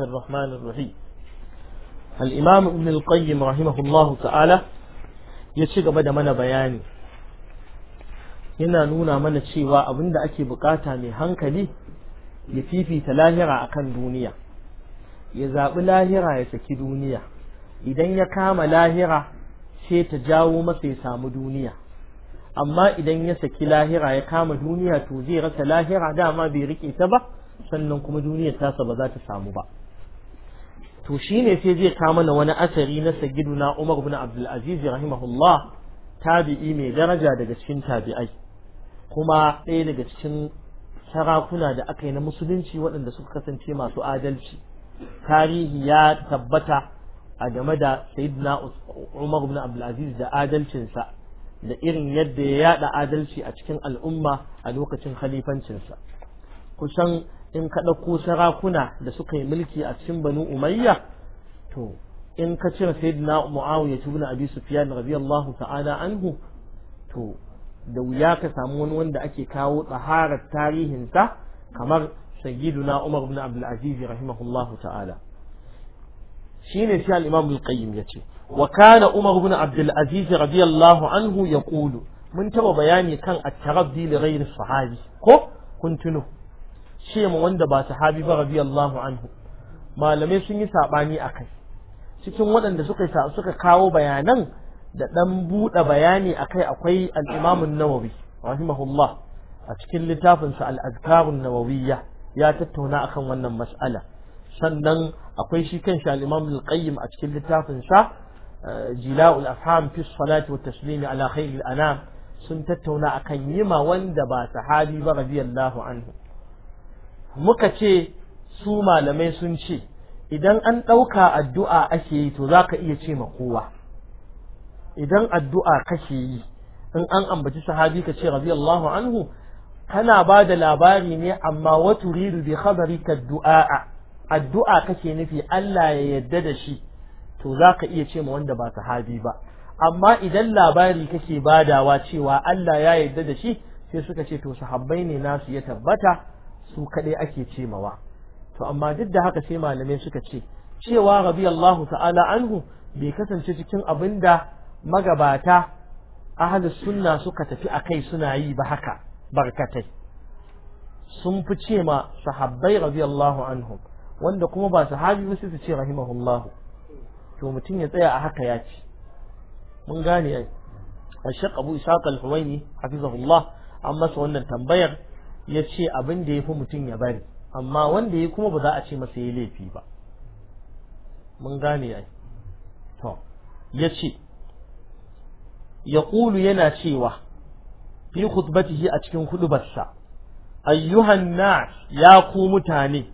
الرحمن الرحيم الإمام ابن القيم رحمه ya ci gaba da mana bayani yana nuna mana cewa abin da ake buƙata mai hankali ya fifita lahira akan duniya ya zaɓi lahira ya saki duniya idan ya kama lahira sai ta jawo masa ya samu duniya amma idan ya saki lahira ya kama duniya to zai rasa lahira dama bai riƙe ta ba sannan kuma duniyar tasa ba za ta samu ba to shi ne sai zai kawo mana wani asari na sayyiduna Umar bin Abdul rahimahullah tabi'i mai daraja daga cikin tabi'ai kuma ɗaya daga cikin sarakuna da aka yi na musulunci waɗanda suka kasance masu adalci tarihi ya tabbata a game da sayyidina Umar bin abdulaziz da adalcinsa da irin yadda ya yada adalci a cikin al'umma a lokacin khalifancinsa kusan in ka ɗauko sarakuna da suka yi mulki a cikin banu umayya to in ka cire sayyidina muawiya ibn abi sufyan radiyallahu ta'ala anhu to da wuya ka samu wani wanda ake kawo tsaharar tarihinsa kamar sayyiduna umar ibn abdul aziz rahimahullahu ta'ala shine sai al-imam al-qayyim yace wa kana umar ibn abdul aziz radiyallahu anhu yaqulu mun taba bayani kan at-taraddi li ghayri sahabi ko kun tuno ce ma wanda ba sahabi ba radiyallahu anhu malamai sun yi sabani akai cikin waɗanda suka suka kawo bayanan da dan buɗe bayani akai akwai al-Imam an-Nawawi rahimahullah a cikin littafin sa al-Azkar an-Nawawiyya ya tattauna akan wannan mas'ala sannan akwai shi kan shi al-Imam al-Qayyim a cikin littafin sa eh, Jila'ul Afham fi salati wa taslimi ala khairil anam sun tattauna akan yima wanda ba sahabi ba radiyallahu anhu muka ce su malamai sun ce idan an ɗauka addu'a ake yi to za ka iya ce ma kowa idan addu'a kake yi in an ambaci sahabi ka ce radiyallahu anhu kana ba da labari ne amma wa turidu bi khabarika du'a addu'a kake nufi Allah ya yadda da shi to za ka iya ce ma wanda ba sahabi ba amma idan labari kake badawa cewa Allah ya yadda da shi sai suka ce to sahabbai ne nasu ya tabbata su kaɗai ake ce mawa to amma duk da haka sai malamai suka ce cewa radiyallahu ta'ala anhu bai kasance cikin abin da magabata ahlus sunna suka tafi akai suna yi ba haka barkatai sun fi ce ma sahabbai radiyallahu anhu wanda kuma ba sahabi ba su ce rahimahullahu to mutum ya tsaya a haka ya ce mun gane ai Ashaq Abu Ishaq al ne hafizahullah an masa wannan tambayar ya ce abin da ya fi mutum ya bari amma wanda ya kuma ba za a ce masa ya laifi ba mun gane ai to ya ce ya ƙulu yana cewa fi khutbatihi a cikin hudubarsa ayyuhan nas ya ku mutane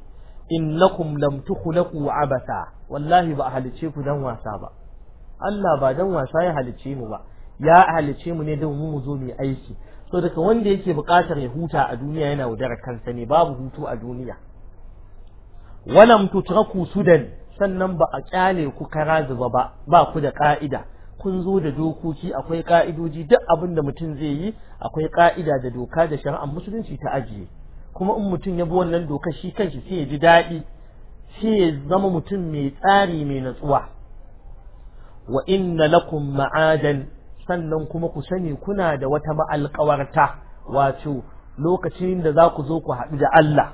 innakum lam tukhlaqu abasa wallahi ba a halice ku dan wasa ba Allah ba dan wasa ya halice mu ba ya halice mu ne don mu zo mu aiki so daga wanda yake buƙatar ya huta a duniya yana wudar kansa ne babu hutu a duniya walam tutraku sudan sannan ba a kyale ku kara zuba ba ba ku da ka'ida kun zo da dokoki akwai ka'idoji duk abin da mutum zai yi akwai ka'ida da doka da shari'ar musulunci ta ajiye kuma in mutum ya bi wannan doka shi kanshi sai ya ji daɗi sai ya zama mutum mai tsari mai natsuwa wa inna lakum ma'adan sannan kuma ku sani kuna da wata ma'alƙawarta wato lokacin da za ku zo ku haɗu da Allah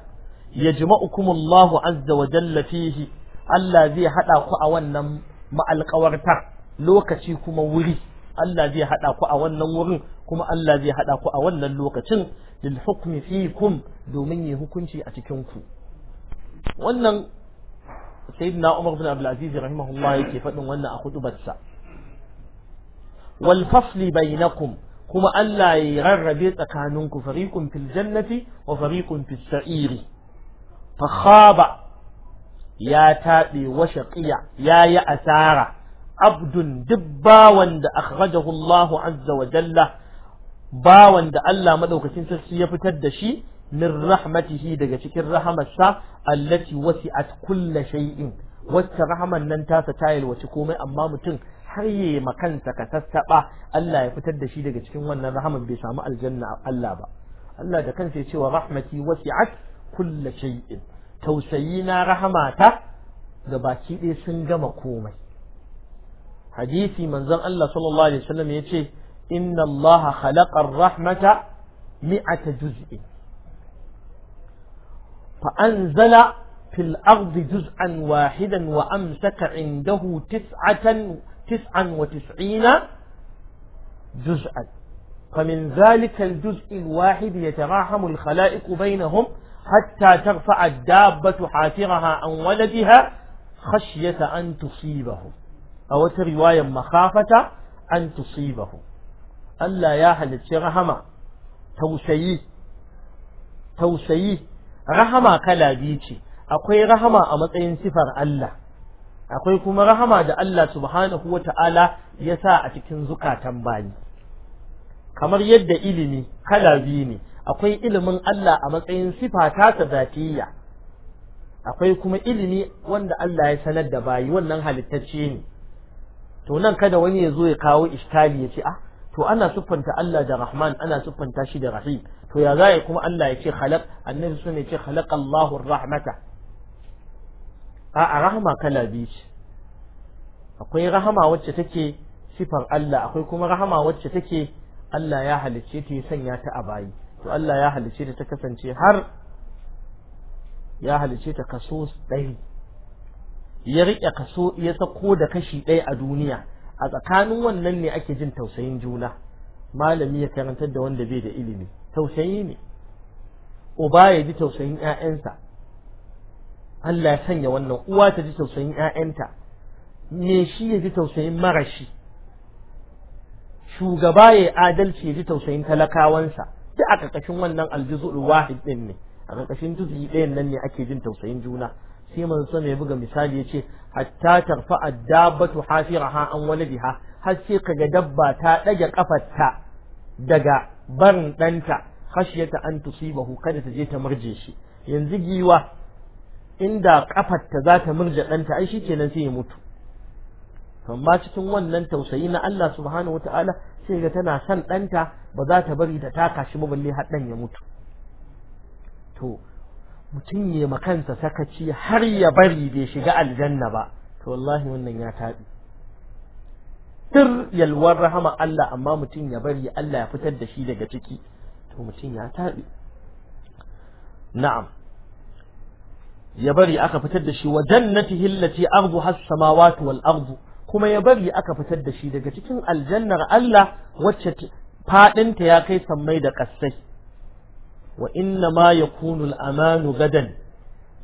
ya jima'ukumullahu azza wa jalla fihi Allah zai haɗa ku a wannan ma'alƙawarta lokaci kuma wuri Allah zai haɗa ku a wannan wurin kuma Allah zai haɗa ku a wannan lokacin lil hukmi fikum domin yi hukunci a cikin ku wannan sayyidina Umar bin Abdul Aziz rahimahullah yake faɗin wannan a hudubarsa walfafli bai bainakum kuma Allah ya rarrabe tsakaninku fariqun fil jannati wa fariqun fil sa'iri fa khaba ya taɓe wa shaqiya yi asara abdun dubbawan da akhrajahu Allah azza wa jalla bawan da Allah madaukakin sarki ya fitar da shi min rahmatihi daga cikin rahamarsa allati wasi'at kulli shay'in wacce rahaman nan tasa ta yalwaci komai amma mutum har ma makansa ka sassaɓa Allah ya fitar da shi daga cikin wannan rahaman bai samu aljanna Allah ba Allah da kansa ya ce wa rahmati wasi'at kulla shay'in tausayi na rahamata ga baki ɗaya sun gama komai hadisi manzon Allah sallallahu alaihi wasallam ya ce inna Allah khalaqa ar-rahmata mi'ata juz'in fa anzala في الأرض جزءا واحدا وأمسك indahu tis'atan تسعا وتسعين جزءا فمن ذلك الجزء الواحد يتراحم الخلائق بينهم حتى ترفع الدابة حافرها عن ولدها خشية أن تصيبهم أو رواية مخافة أن تصيبهم ألا يا حلت رحمة توسيي توسيي رحمة كلا بيتي أقوي رحمة أمتين سفر الله akwai kuma rahama da Allah subhanahu wa ta'ala ya sa a cikin zukatan bayi kamar yadda ilimi kala biyu ne akwai ilimin Allah a matsayin sifa ta zatiyya akwai kuma ilimi wanda Allah ya sanar da bayi wannan halittacce ne to nan kada wani ya zo ya kawo iskali ya ce ah to ana siffanta Allah da Rahman ana siffanta shi da Rahim to ya za kuma Allah ya ce khalaq annabi sun ya ce khalaqallahu rahmata a'a rahama kala biyu ce akwai rahama wacce take sifar Allah akwai kuma rahama wacce take Allah ya halicce ta sanya ta a bayi to Allah ya halicce ta kasance har ya halicce ta kaso ɗaya? ya riƙe kaso ya sako da kashi ɗaya a duniya a tsakanin wannan ne ake jin tausayin juna malami ya karantar da wanda bai da ilimi tausayi ne uba ya ji tausayin 'ya'yansa Allah ya sanya wannan uwa ta ji tausayin ‘ya'yanta, me shi ya ji tausayin marashi, shugaba ya adalci ya ji tausayin talakawansa, ta a ƙarƙashin wannan aljuzu'ul wahid ɗin ne, a ƙarƙashin juzu'i ɗayan nan ne ake jin tausayin juna. Sai manzo mai buga misali ya ce, hatta tarfa addabatu hafiraha an waladiha, har sai kaga dabba ta ɗage ƙafarta daga barin ɗanta, khashiyata an bahu kada ta je ta murje shi. Yanzu giwa inda kafarta za ta murje ɗanta ai shi kenan sai ya mutu amma cikin wannan tausayi na Allah subhanahu ta'ala, sai ga tana son ɗanta ba za ta bari da taka shi ba balle har ɗan ya mutu to mutum ya makansa sakaci har ya bari bai shiga aljanna ba to wallahi wannan ya taɓi sir yalwar rahama Allah amma mutum ya bari Allah ya fitar da shi daga ciki to mutum ya taɓi na'am ya bari aka fitar da shi wa jannatihi allati ardu as-samawati wal ardu kuma ya bari aka fitar da shi daga cikin aljannar Allah wacce faɗinta ya kai sammai da kassai wa inna ma yakunu al-amanu gadan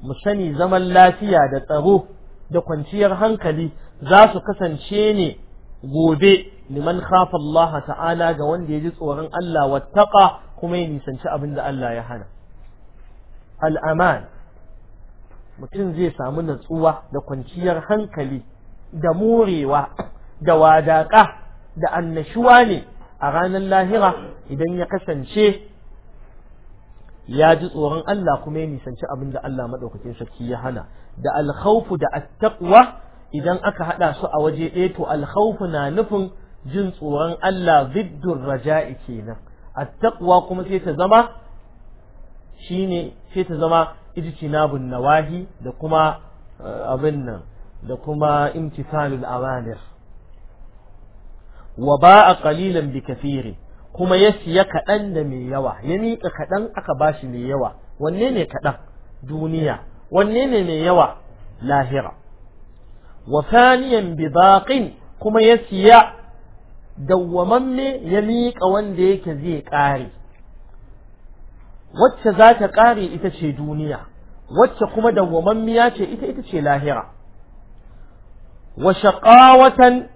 mu sani zaman lafiya da tsaro da kwanciyar hankali za su kasance ne gobe liman khafa Allah ta'ala ga wanda ya ji tsoron Allah wattaqa kuma ya nisanci abin da Allah ya hana al-aman mutum zai samu natsuwa da kwanciyar hankali da morewa da wadaƙa da annashuwa ne a ranar lahira idan ya kasance ya ji tsoron Allah kuma ya nisanci abin da Allah maɗaukakin sarki ya hana da alkhawfu da attaqwa idan aka haɗa su a waje ɗaya to alkhawfu na nufin jin tsoron Allah ziddur raja'i kenan attaqwa kuma sai ta zama shine sai ta zama ijtinabun nawahi da kuma eh, abin nan da kuma imtisalul awamir wa ba'a qalilan bi kathiri kuma ya siya kaɗan da mai yawa ya miƙa kaɗan aka bashi mai yawa wanne ne kaɗan duniya wanne ne mai yawa lahira wa faniyan bi baqin kuma ya siya dawwamamme ya miƙa wanda yake zai ƙare wacce za ta ƙare ita ce duniya wacce kuma dawwamammiya ce ita ita ce lahira wa shaqawatan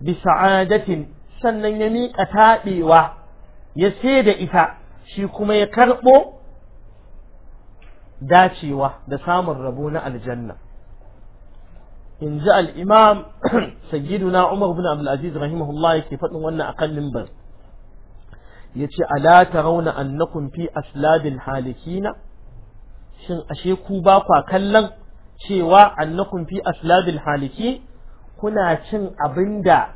bi sa'adatin sannan ya miƙa taɓewa ya da ita shi kuma ya karɓo dacewa da samun rabo na aljanna in ji al'imam sayyiduna umar bin abdulaziz rahimahullah yake faɗin wannan akan mimbar yace alata rauna annakum fi aslabil halikina shin ashe ku ba kwa kallon cewa annakum fi aslabil haliki kuna cin abinda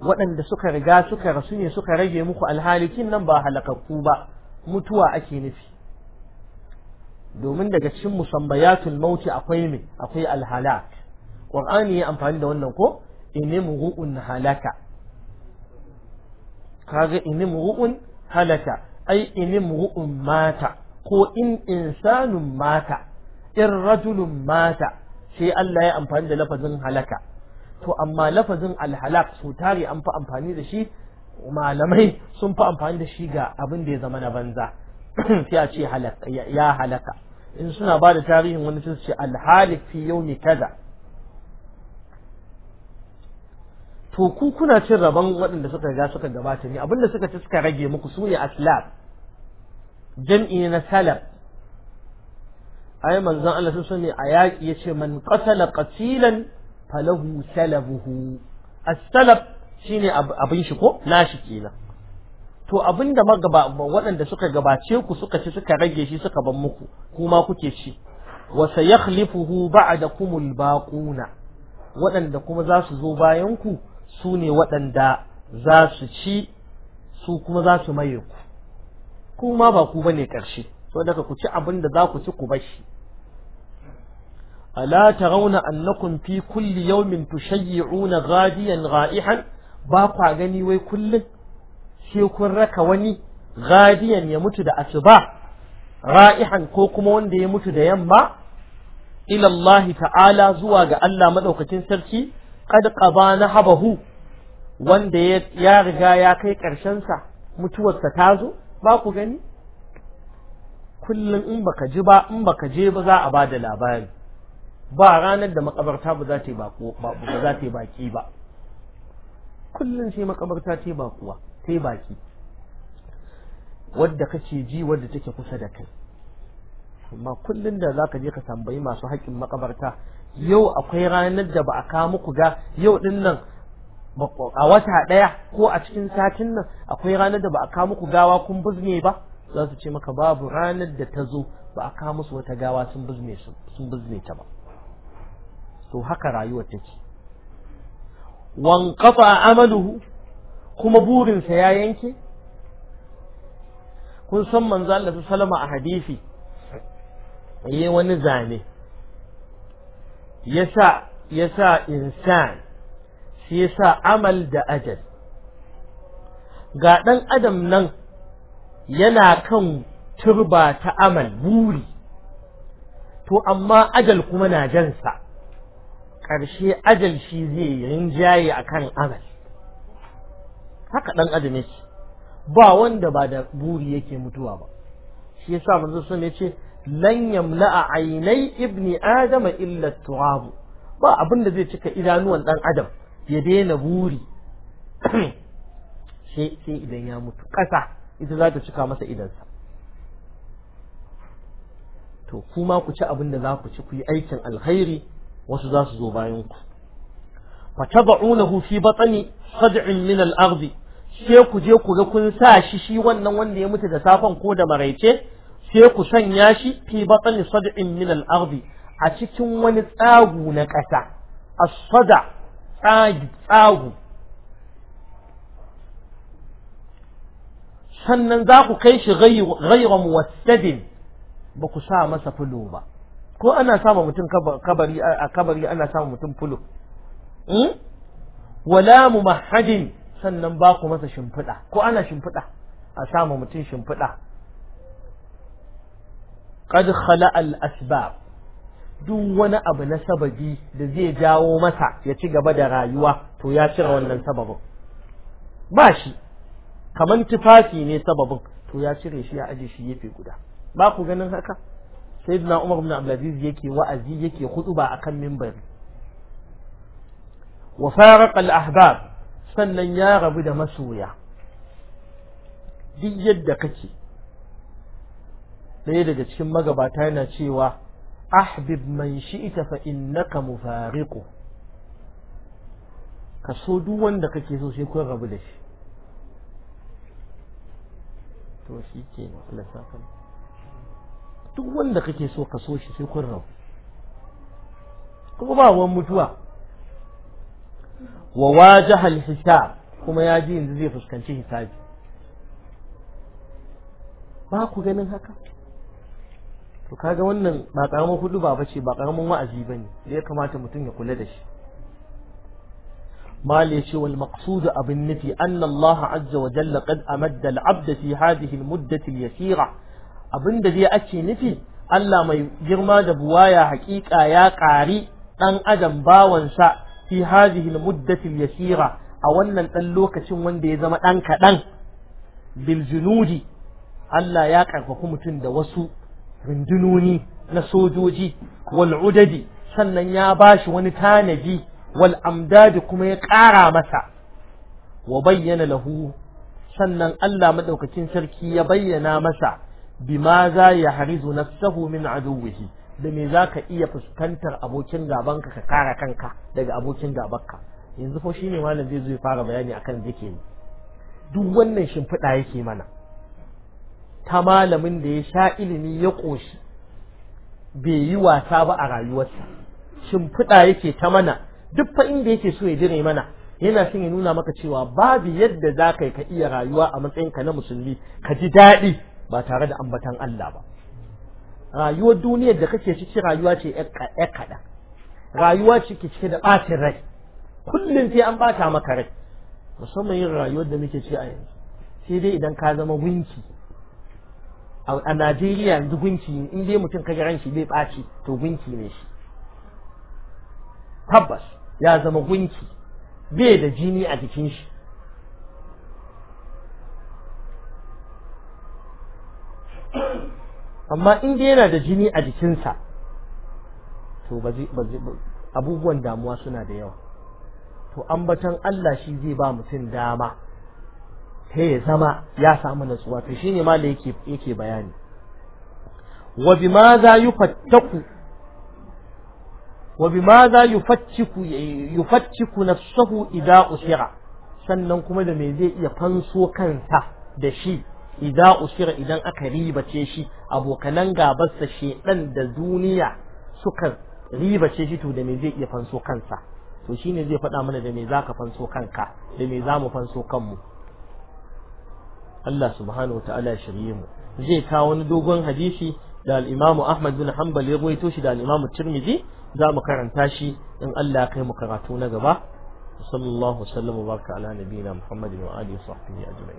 waɗanda suka riga suka rasu ne suka rage muku alhalikin nan ba halakakku ba mutuwa ake nufi domin daga cikin musambayatul mauti akwai me akwai alhalak qur'ani ya amfani da wannan ko inimru'un halaka kaga inim ru'un halaka ai inim ru'un mata ko in insanun mata in rajulun mata sai Allah ya amfani da lafazin halaka to amma lafazin alhalak su tare an fi amfani da shi malamai sun fi amfani da shi ga abin da ya zama na banza sai a ce ya halaka in suna ba da tarihin wani sun ce alhalik fi yau kaza to ku kuna cin rabon waɗanda suka riga suka gabata ne abinda suka ci suka rage muku su ne aslab jam'i na salaf ayi manzon Allah sun sani a yaki yace man qatala qatilan falahu salabuhu as-salaf shine abin shi ko nashi kenan to abinda magaba waɗanda suka gabace ku suka ci suka rage shi suka ban muku kuma kuke ci wa sayakhlifuhu ba'dakumul baquna waɗanda kuma za su zo bayan ku su ne waɗanda za su ci su kuma za su maye ku kuma ba ku bane ƙarshe so daga ku ci abin da za ku ci ku bashi ala tarawna annakun fi kulli yawmin tushayyi'una ghadiyan ra'ihan ba kwa gani wai kullun sai kun raka wani ghadiyan ya mutu da asuba ra'ihan ko kuma wanda ya mutu da yamma ila ta'ala zuwa ga Allah madaukakin sarki qad qaba nahabahu wanda ya riga ya kai karshen sa mutuwarsa ta zo ba ku gani kullum in baka ji ba in baka je ba za a ba da labari ba ranar da makabarta ba za ta yi ba za ta baki ba kullum sai makabarta ta yi bakuwa ta yi baki wadda kace ji wadda take kusa da kai amma kullun da zaka je ka tambayi masu haƙƙin makabarta yau akwai ranar da ba a kawo muku ga yau din nan a wata ɗaya ko a cikin satin nan akwai ranar da ba a kawo muku gawa kun buzne ba za su ce maka babu ranar da ta zo ba a kawo musu wata gawa sun buzne ta ba to haka rayuwa take wanqata amaluhu kuma burinsa ya yanke kun san manzo Allah salama a hadisi yi wani zane yasa yasa insan shi yasa amal da ajal ga ɗan adam nan yana kan turba ta amal buri to amma ajal kuma na jansa ƙarshe ajal shi zai rinjaye akan amal haka dan adam yake ba wanda ba da buri yake mutuwa ba shi yasa manzo sun yace lan yamla'a ainai ibni adama illa turab ba abin da zai cika idanuwan dan adam ya daina buri sai sai idan ya mutu kasa ita za ta cika masa idansa to kuma ku ci abin da za ku ci ku yi aikin alkhairi wasu za su zo bayan ku fatad'unahu fi batni sad'in min al-ardh sai ku je ku ga kun sa shi shi wannan wanda ya mutu da safan ko da maraice sai ku sanya shi fi batsani sad'in min al a cikin wani tsagu na ƙasa as-sada tsagi tsagu sannan za ku kai shi ghayra muwassadin ba ku sa masa fulo ba ko ana sama mutum kabari a kabari ana sama mutum fulo hmm? wala mu mahadin sannan ba ku masa shimfiɗa ko ana shimfiɗa a sama mutum shimfiɗa qad khala al asbab duk wani abu na sababi da zai jawo masa ya ci gaba da rayuwa to ya cire wannan sababin ba shi kaman tufafi ne sababin to ya cire shi ya aje shi yafe guda ba ku ganin haka sayyidina umar ibn abdulaziz yake wa'azi yake hutuba akan minbari wa faraqa al ahbab sannan ya rabu da masoya duk yadda kake ɗaya daga cikin magabata yana cewa ahbib man shi'ita fa innaka mufariqu ka so duk wanda kake so sai kun rabu da shi to shi ke lissafin duk wanda kake so ka so shi sai kun rabu kuma ba wani mutuwa wa wajaha hisab kuma ya ji yanzu zai fuskanci hisabi ba ku ganin haka to kaga wannan ba karamin hudu ba bace ba karamin wa'azi ba ne da ya kamata mutum ya kula da shi mal ya ce wal maqsud abin nufi anna Allah azza wa jalla qad amadda al abda fi hadhihi al muddati al yasira abinda zai ake nufi Allah mai girma da buwaya haƙiƙa ya ƙari ɗan adam bawansa fi hadhihi al-muddati yasira a wannan ɗan lokacin wanda ya zama ɗan kaɗan bil junudi Allah ya ƙarfafi mutum da wasu rundunoni na sojoji wal udadi sannan ya bashi wani tanaji wal amdadi kuma ya ƙara masa wa bayyana lahu sannan Allah madaukakin sarki ya bayyana masa bima za ya harizu nafsahu min aduwwihi da me zaka iya fuskantar abokin gabanka ka kara kanka daga abokin gabanka yanzu fa shine malam zai zo ya fara bayani akan zikiri duk wannan shimfiɗa yake mana ta malamin da ya sha ilimi ya ƙoshi bai yi wasa ba a rayuwarsa shimfiɗa yake ta mana duk fa inda yake so ya dire mana yana son ya nuna maka cewa babu yadda za ka ka iya rayuwa a matsayinka na musulmi ka ji daɗi ba tare da ambatan Allah ba rayuwar duniyar da kake ciki rayuwa ce ƴar kaɗa rayuwa ce ke cike da ɓacin rai kullum sai an ɓata maka rai musamman yin rayuwar da muke ci a yanzu sai dai idan ka zama winki a Najeriya yanzu gunki in dai mutum kaga ranki bai ɓaci to gunki ne shi tabbas ya zama gunki bai da jini a jikin shi amma in dai yana da jini a jikinsa to abubuwan damuwa suna da yawa to ambatan Allah shi zai ba mutum dama ta ya zama ya samu natsuwa to shine ma da yake yake bayani wa bima za yufattaku wa bima za yufattiku yufattiku nafsuhu idza usira sannan kuma da me zai iya fanso kansa da shi idza usira idan aka ribace shi abokanan sa shedan da duniya suka ribace shi to da me zai iya fanso kansa to shine zai faɗa mana da me zaka fanso kanka da me zamu fanso kanmu Allah subhanahu wataala ya shirye mu zai kawo wani dogon hadisi da al-Imam Ahmad bin Hanbal ya rawaito shi da al-Imam Tirmidhi za mu karanta shi in Allah ya kai mu karatu na gaba sallallahu alaihi wa sallam baraka ala nabiyina Muhammadin wa alihi wa sahbihi ajma'in